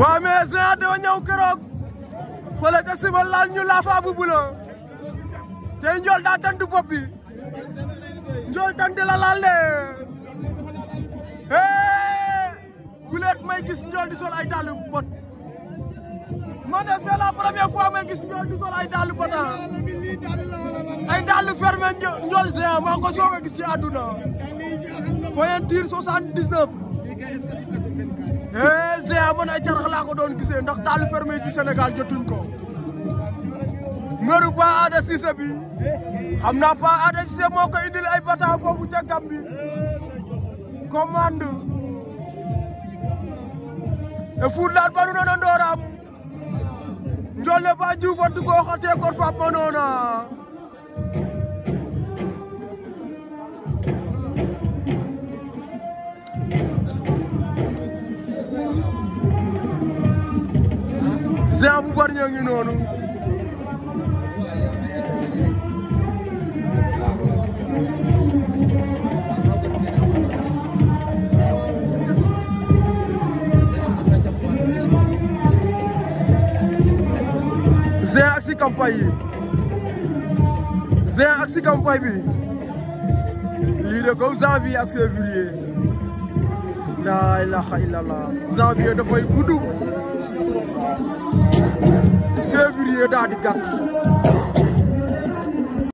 waaw mais Géant dafa ñëw keroog fële ca laal ñu laafa bu bula tey njool daa tant bopp bi njool la laal de guleet may gis njool di sol ay dàllu bot man de c'est la première fois may gis njool di sol ay dàllu bot ah. ay dàllu fermé njool Géant maa ngi ko soog a gis ci àdduna pointure 79 eh Géant man ay carax laa ko doon gisee ndax taalu ko ngëru Paa Ada Cissé bi xam naa Paa Ada Cissé moo indil ay bata foofu ca Gambi commande e fuɗɗaat ɓaɗu noon a ndooraam njolne ba juufattu ko xate kor faap ma noona Géant bu Bargny ngi noonu Géant ak si campagne yi Géant ak si campagne bi lii de comme janvier ak février laa ilaha dafay gudd God is got